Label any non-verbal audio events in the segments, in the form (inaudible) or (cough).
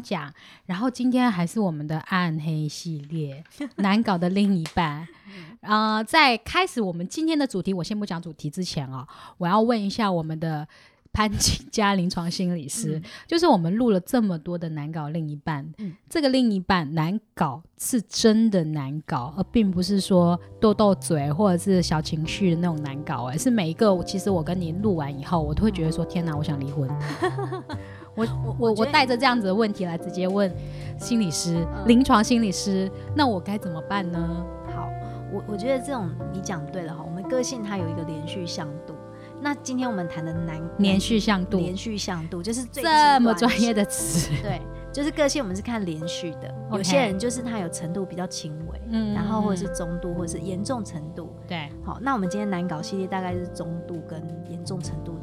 講，然後今天還是我們的暗黑系列，難搞的另一半。 (laughs) 呃，在開始我們今天的主題，我先不講主題之前哦，我要問一下我們的潘金嘉臨床心理師、嗯，就是我們錄了這麼多的難搞的另一半、嗯，這個另一半難搞是真的難搞，而並不是說鬥鬥嘴或者是小情緒的那種難搞，而是每一個其實我跟你錄完以後，我都會覺得說，天哪，我想離婚。 (laughs) 我我我帶着這樣子的問題來直接問心理師、臨、嗯嗯、床心理師、嗯，那我該怎麼辦呢？好，我我覺得這種你講對了哈，我們個性它有一個連續向度。那今天我們談的難連續向度、呃、連續向度就是最這麼專業的詞，對，就是個性我們是看連續的，Okay. 有些人就是他有程度比較輕微，嗯，然後或者是中度，嗯、或者是嚴重程度，對，好，那我們今天難搞系列大概是中度跟嚴重程度、嗯。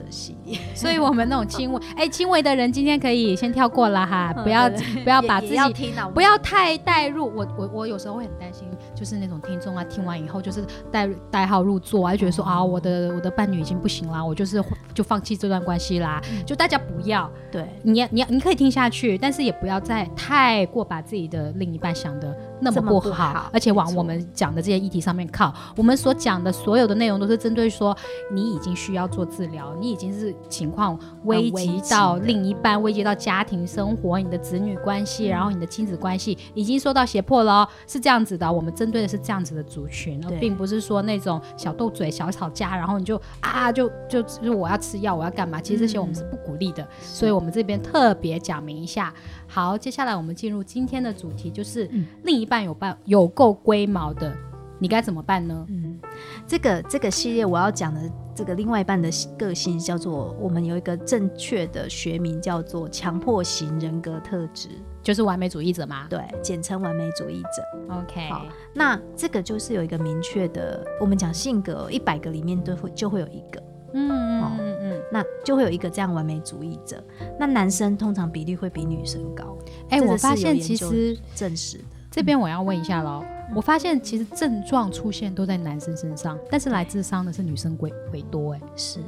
所以，我們那種輕微 (laughs) 哎，輕微的人今天可以先跳過了哈，不要、嗯、對對，不要把自己要聽，不要太帶入。我我我有時候會很擔心，就是那種聽眾啊，嗯、聽完以後就是帶代號入座、啊，就覺得說啊，我的我的伴侶已經不行了，我就是就放棄這段關係啦、啊。就大家不要，對，你要你要你可以聽下去，但是也不要再太過把自己的另一半想得那麼不好，而且往我們講的這些議題上面靠。我們所講的所有的內容都是針對說，你已經需要做治療，你已經是情況危及到另一半，嗯、危及到家庭生活，嗯、你的子女關係、嗯，然後你的親子關係已經受到脅迫了，是這樣子的。我們針對的是這樣子的族群，並不是說那種小鬥嘴、小吵架，然後你就啊就就就我要吃藥，我要幹嘛？其實這些我們是不鼓勵的，嗯、所以我們這邊特別講明一下。好，接下來我們進入今天的主題，就是、嗯、另一半有辦有夠龜毛的，你該怎麼辦呢？嗯，這個這個系列我要講的這個另外一半的個性叫做，我們有一個正確的學名叫做強迫型人格特質，就是完美主義者嘛？對，簡稱完美主義者。OK，好，那這個就是有一個明確的，我們講性格一百個裡面都會就會有一個，嗯嗯。那就會有一個這樣完美主義者，那男生通常比例會比女生高。哎、欸，我發現其實證實的。這邊我要問一下嘍、嗯，我發現其實症狀出現都在男生身上，嗯、但是來諮商的是女生會鬼、嗯、多哎、欸。是，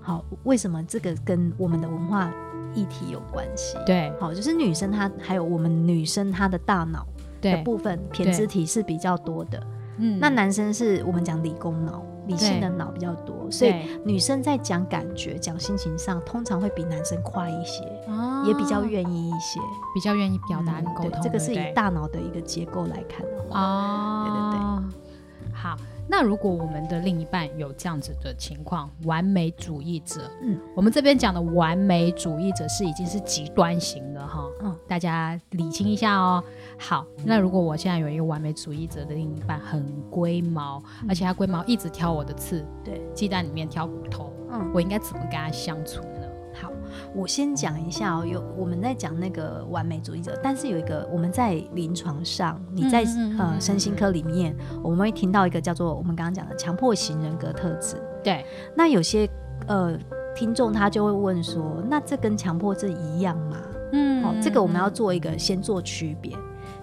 好，為什麼這個跟我們的文化議題有關係？對，好，就是女生她還有我們女生她的大腦的部分胼胝體是比較多的，嗯，那男生是我們講理工腦。理性的腦比較多，所以女生在講感覺、講心情上，通常會比男生快一些，哦、也比較願意一些，比較願意表達跟溝通、嗯。這個是以大腦的一個結構來看的話。哦對對對那如果我們的另一半有這樣子的情況，完美主義者，嗯，我們這邊講的完美主義者是已經是極端型的哈，嗯，大家理清一下哦。好，嗯，那如果我現在有一個完美主義者的另一半很龜毛，嗯，而且他龜毛一直挑我的刺，對，嗯，雞蛋裡面挑骨頭，嗯，我應該怎麼跟他相處？我先講一下哦，有我們在講那個完美主義者，但是有一個我們在臨床上，你在嗯嗯嗯嗯呃身心科裡面，我們會聽到一個叫做我們剛剛講的強迫型人格特質。對，那有些呃聽眾他就會問說，那這跟強迫症一樣嗎？嗯,嗯,嗯、哦，這個我們要做一個先做區別。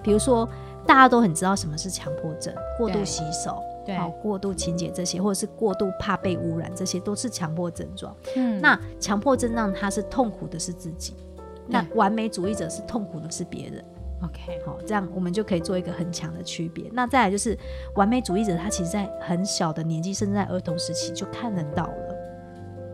比如說，大家都很知道什麼是強迫症，過度洗手。好，過度清潔這些，或者是過度怕被污染，這些都是強迫症狀。嗯，那強迫症狀他是痛苦的是自己，那、嗯、完美主義者是痛苦的是別人。OK，好，這樣我們就可以做一個很強的區別。那再來就是，完美主義者他其實在很小的年紀，甚至在兒童時期就看得到了，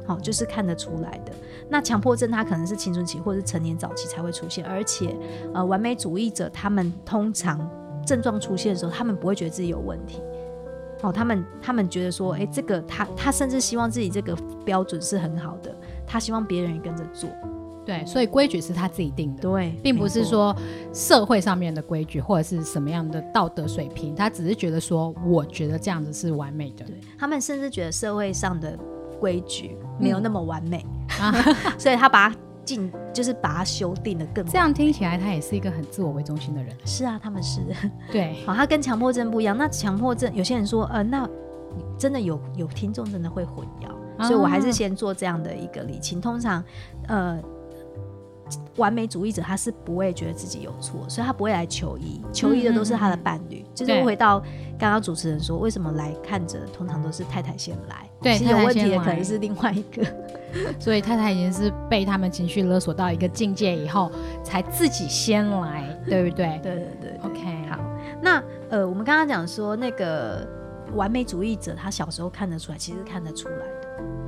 好，就是看得出來的。那強迫症他可能是青春期或者是成年早期才會出現，而且呃，完美主義者他們通常症狀出現的時候，他們不會覺得自己有問題。哦，他們他們覺得說，誒、欸，這個他他甚至希望自己這個標準是很好的，他希望別人也跟着做，對，所以規矩是他自己定的，嗯、對，並不是說社會上面的規矩或者是什麼樣的道德水平，他只是覺得說，我覺得這樣子是完美的，對，他們甚至覺得社會上的規矩沒有那麼完美，嗯啊、 (laughs) 所以他把他。進，就是把它修訂的更這樣聽起來，他也是一個很自我為中心的人。 (music) 是啊，他們是對。好、哦，他跟強迫症不一樣。那強迫症有些人說，呃，那真的有有聽眾真的會混淆、嗯，所以我還是先做這樣的一個理清。通常，呃。完美主義者他是不會覺得自己有錯，所以他不會來求醫，求醫的都是他的伴侶。嗯、就是回到剛剛主持人說，為什麼來看者通常都是太太先來？對，其實有問題的可能是另外一個。太太先來，所以太太已經是被他們情緒勒索到一個境界以後， (laughs) 才自己先來，對不對？對對對，對，對。OK，好。那呃，我們剛剛講說那個完美主義者，他小時候看得出來，其實看得出來。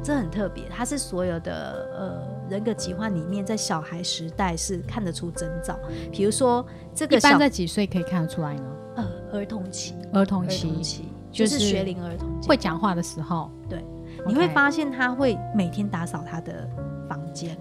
這很特別，他是所有的呃人格疾患裡面，在小孩時代是看得出徵兆。比如說這個小一般在幾歲可以看得出來呢？呃，兒童期，兒童期，童期就是、就是學齡兒童期會講話的時候。對，okay. 你會發現他會每天打掃他的。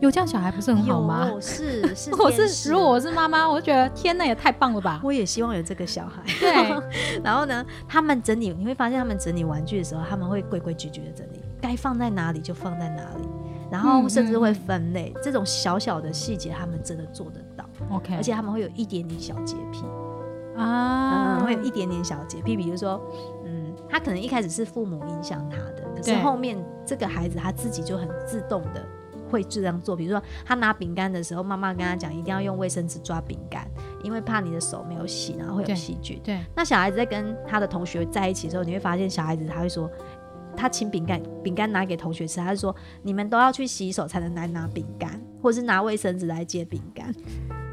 有這樣小孩不是很好嗎？是是，是 (laughs) 我是如果我是媽媽，我覺得天哪，也太棒了吧！ (laughs) 我也希望有這個小孩。對， (laughs) (laughs) 然後呢，他們整理，你會發現他們整理玩具的時候，他們會規規矩矩的整理，該放在哪裡就放在哪裡，然後甚至會分類。嗯、這種小小的細節，他們真的做得到。OK，而且他們會有一點點小潔癖啊，他們會有一點點小潔癖，比如說，嗯，他可能一開始是父母影響他的，可是後面這個孩子他自己就很自動的。會這樣做，比如說他拿餅乾的時候，媽媽跟他講一定要用衛生紙抓餅乾，因為怕你的手沒有洗，然後會有細菌。對。對。那小孩子在跟他的同學在一起的時候，你會發現小孩子他會說，他請餅乾，餅乾拿給同學吃，他就說你們都要去洗手才能來拿餅乾，或者是拿衛生紙來接餅乾。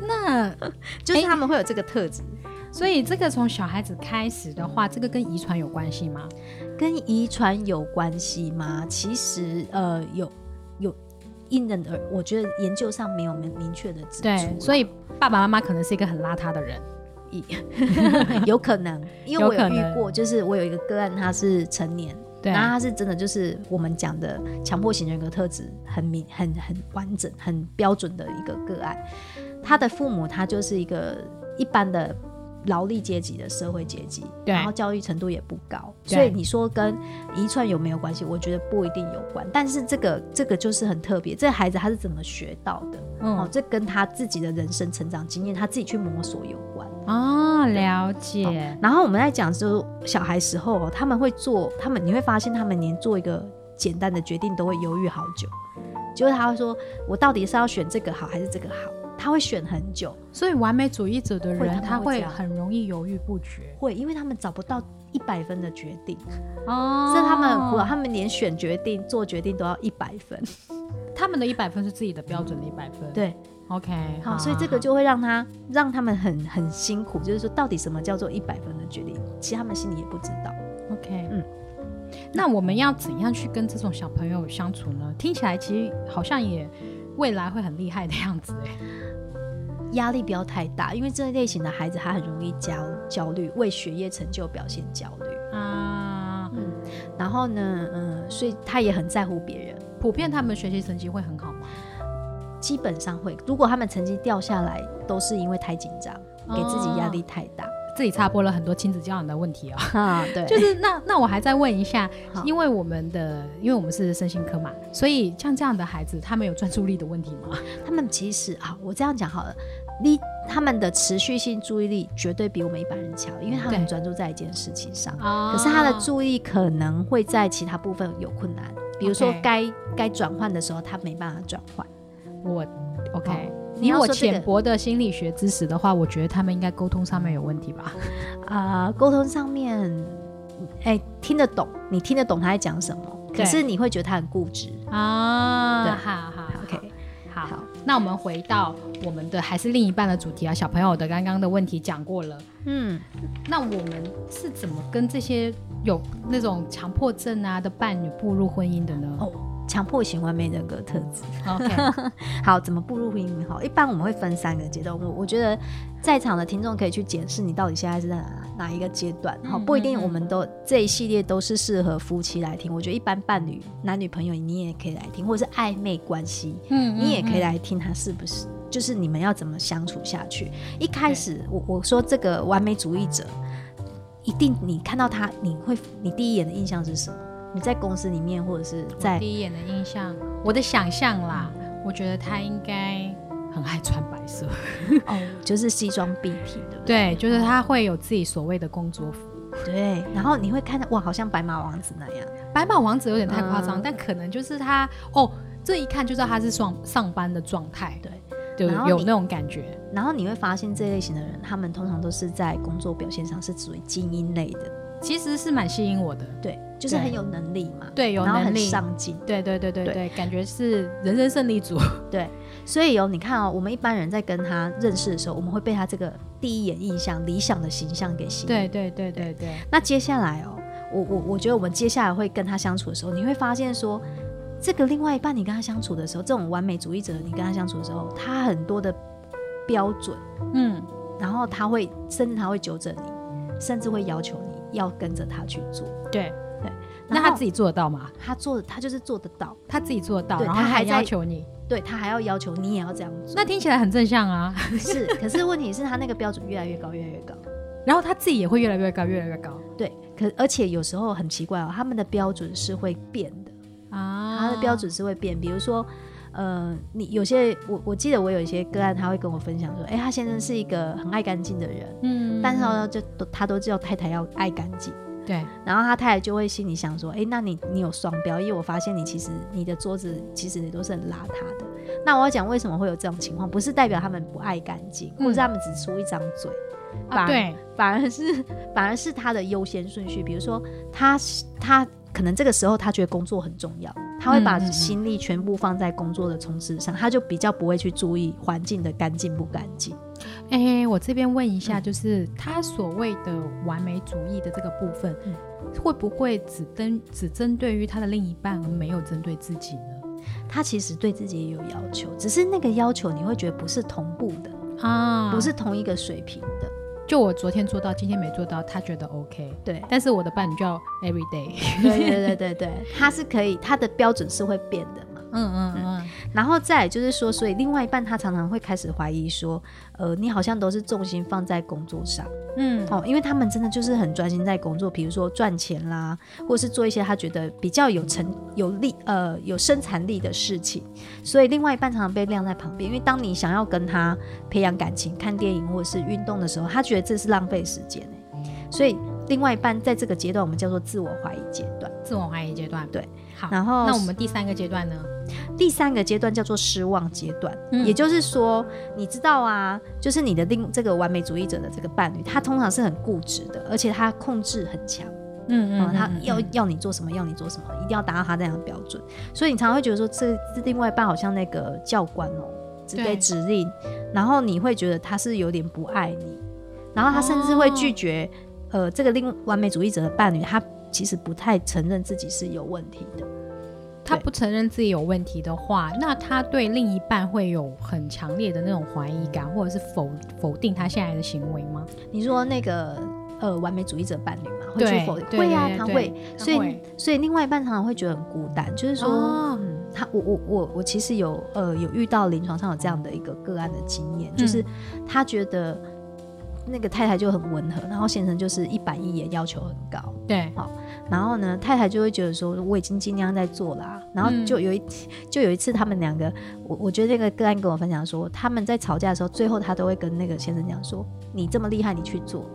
那 (laughs) 就是他們會有這個特質、欸。所以這個從小孩子開始的話、嗯，這個跟遺傳有關係嗎？跟遺傳有關係嗎？嗯、其實呃有。因人而，我覺得研究上沒有明明確的指出。對，所以爸爸媽媽可能是一個很邋遢的人， (laughs) 有可能，因為我有遇過，就是我有一個個案，他是成年，然後他是真的就是我們講的強迫型人格特質很明、很很完整、很標準的一個個案，他的父母他就是一個一般的。勞力階級的社會階級，對，然後教育程度也不高，所以你說跟遺傳有沒有關係？我覺得不一定有關，但是這個這個就是很特別，這個、孩子他是怎麼學到的、嗯？哦，這跟他自己的人生成長經驗，他自己去摸索有關啊、嗯哦。了解、哦。然後我們在講說小孩時候，他們會做，他們你會發現他們連做一個簡單的決定都會猶豫好久，就是他會說，我到底是要選這個好還是這個好？他會選很久，所以完美主義者的人他會很容易猶豫不決，會，因為他們找不到一百分的決定哦，所以他們，他們連選決定做決定都要一百分， (laughs) 他們的一百分是自己的標準的一百分，嗯、對，OK，好，所以這個就會讓他好、啊、好讓他們很很辛苦，就是說到底什麼叫做一百分的決定，其實他們心裡也不知道，OK，嗯，那我們要怎樣去跟這種小朋友相處呢？聽起來其實好像也未來會很厲害的樣子，哎。壓力不要太大，因為這一類型的孩子，他很容易焦焦慮，為學業成就表現焦慮啊。嗯，然後呢，嗯，所以他也很在乎別人。普遍他們學習成績會很好嗎？基本上會。如果他們成績掉下來，都是因為太緊張，給自己壓力太大。啊，自己插播了很多親子教養的問題喔。啊，對。就是那那我還再問一下，因為我們的因為我們是身心科嘛，所以像這樣的孩子，他們有專注力的問題嗎？他們其實啊，我這樣講好了。你，他們的持續性注意力絕對比我們一般人強，因為他們很專注在一件事情上。哦、可是他的注意可能會在其他部分有困難，比如說該、嗯、該轉換的時候他沒辦法轉換。我，OK。以、哦這個、我淺薄的心理學知識的話，我覺得他們應該溝通上面有問題吧？啊、呃，溝通上面，哎，聽得懂，你聽得懂他在講什麼，可是你會覺得他很固執。啊、哦嗯，好，好。那我們回到我們的，還是另一半的主題啊，小朋友的剛剛的問題講過了，嗯，那我們是怎麼跟這些有那種強迫症啊的伴侶步入婚姻的呢？哦強迫型完美人格特質，Okay. (laughs) 好，怎麼步入婚姻？好，一般我們會分三個階段。我我覺得在場的聽眾可以去檢視你到底現在是在哪,哪一個階段。好，不一定我們都嗯嗯嗯這一系列都是適合夫妻來聽。我覺得一般伴侶、男女朋友，你也可以來聽，或者是曖昧關係，嗯,嗯,嗯,嗯，你也可以來聽，他是不是就是你們要怎麼相處下去？一開始、嗯、我我說這個完美主義者，一定你看到他，你會你第一眼的印象是什麼？你在公司裡面，或者是在第一眼的印象，我的想象啦、嗯，我覺得他應該很愛穿白色，哦、oh. (laughs) 就是西裝筆挺的對不對，對，就是他會有自己所謂的工作服、嗯，對，然後你會看到哇，好像白馬王子那樣，白馬王子有點太誇張、嗯，但可能就是他哦、喔，這一看就知道他是上上班的狀態，對，對，有那種感覺，然後你，然後你會發現這一類型的人、嗯，他們通常都是在工作表現上是屬於精英類的。其實是蠻吸引我的，對，就是很有能力嘛，對，然後很上進，對對對對對,對,對,對,對,對,對,對，感覺是人生勝利組，對，所以哦，你看哦，我們一般人在跟他認識的時候，我們會被他這個第一眼印象、理想的形象給吸引，對對對對對,對。那接下來哦，我我我覺得我們接下來會跟他相處的時候，你會發現說，這個另外一半，你跟他相處的時候，這種完美主義者，你跟他相處的時候，他很多的標準，嗯，然後他會甚至他會糾正你，嗯，甚至會要求你。要跟着他去做。對，對對，那他自己做得到嗎？他做，他就是做得到，他自己做得到，然後他還要求你，對，他還要要求你也要這樣做，那聽起來很正向啊。是， (laughs) 可是問題是，他那個標準越來越高，越來越高。然後他自己也會越來越高，越來越高。對，可而且有時候很奇怪哦，他們的標準是會變的啊，他的標準是會變，比如說。呃，你有些我我記得我有一些個案，他會跟我分享說，哎、欸，他先生是一個很愛乾淨的人，嗯，但是呢，就都他都知道太太要愛乾淨，對，然後他太太就會心裡想說，哎、欸，那你你有雙標，因為我發現你其實你的桌子其實你都是很邋遢的。那我要講為什麼會有這種情況，不是代表他們不愛乾淨，或者他們只出一張嘴、嗯啊，對，反而是反而是他的優先順序，比如說他、嗯、他，他可能這個時候他覺得工作很重要。他會把心力全部放在工作的充實上，嗯嗯嗯，他就比較不會去注意環境的乾淨不乾淨。哎、欸，我這邊問一下，就是、嗯、他所謂的完美主義的這個部分，嗯、會不會只針只針對於他的另一半，而沒有針對自己呢？他其實對自己也有要求，只是那個要求你會覺得不是同步的啊，不是同一個水平的。就我昨天做到，今天沒做到，他覺得 OK。對，但是我的伴侶就要 Everyday。對對對對對， (laughs) 他是可以，他的標準是會變的。嗯嗯嗯，嗯，然後再就是說，所以另外一半他常常會開始懷疑說，呃，你好像都是重心放在工作上，嗯，哦，因為他們真的就是很專心在工作，比如說賺錢啦，或是做一些他覺得比較有成有力呃有生產力的事情，所以另外一半常常被晾在旁邊，因為當你想要跟他培養感情、看電影或者是運動的時候，他覺得這是浪費時間欸，所以另外一半在這個階段我們叫做自我懷疑階段，自我懷疑階段，對，好，然後那我們第三個階段呢？第三個階段叫做失望階段，嗯，也就是說，你知道啊，就是你的另這個完美主義者的這個伴侶，他通常是很固執的，而且他控制很強。嗯嗯，嗯，嗯，嗯，他要要你做什麼，要你做什麼，一定要達到他這樣的標準。所以你常常會覺得說，這這另外一半好像那個教官哦，喔，只給指令，然後你會覺得他是有點不愛你，然後他甚至會拒絕。哦、呃，這個另完美主義者的伴侶，他其實不太承認自己是有問題的。他不承認自己有問題的話，那他對另一半會有很強烈的那種懷疑感，或者是否否定他現在的行為嗎？你說那個呃完美主義者伴侶嘛，會去否，對對對對，會啊，他會。對對他會。所以所以另外一半常常會覺得很孤單，就是說，哦、他我我我我其實有呃有遇到臨床上有這樣的一個個案的經驗，就是他覺得。嗯那個太太就很溫和，然後先生就是一板一眼，要求很高。對，好，然後呢，太太就會覺得說，我已經盡量在做啦。然後就有一、嗯、就有一次，他們兩個，我我覺得那個個案跟我分享說，他們在吵架的時候，最後他都會跟那個先生講說，你這麼厲害，你去做，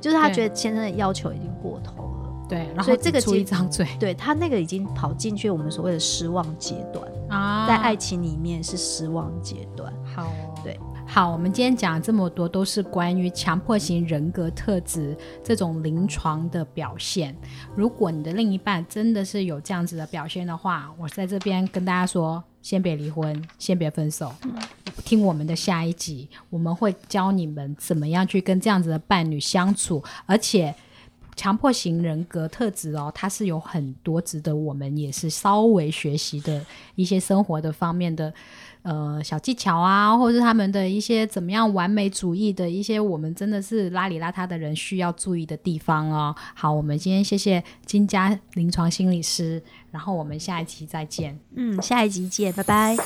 就是他覺得先生的要求已經過頭了。對，所以這個，對，然後這個出一張嘴，對他那個已經跑進去我們所謂的失望階段啊，在愛情裡面是失望階段。好，對。好，我們今天講這麼多，都是關於強迫型人格特質這種臨床的表現。如果你的另一半真的是有這樣子的表現的話，我在這邊跟大家說，先別離婚，先別分手，聽我們的下一集，我們會教你們怎麼樣去跟這樣子的伴侶相處。而且，強迫型人格特質哦，它是有很多值得我們也是稍微學習的一些生活的方面的。呃，小技巧啊，或者是他們的一些怎麼樣完美主義的一些，我們真的是邋裡邋遢的人需要注意的地方哦。好，我們今天謝謝金嘉臨床心理師，然後我們下一期再見。嗯，下一集見，拜拜。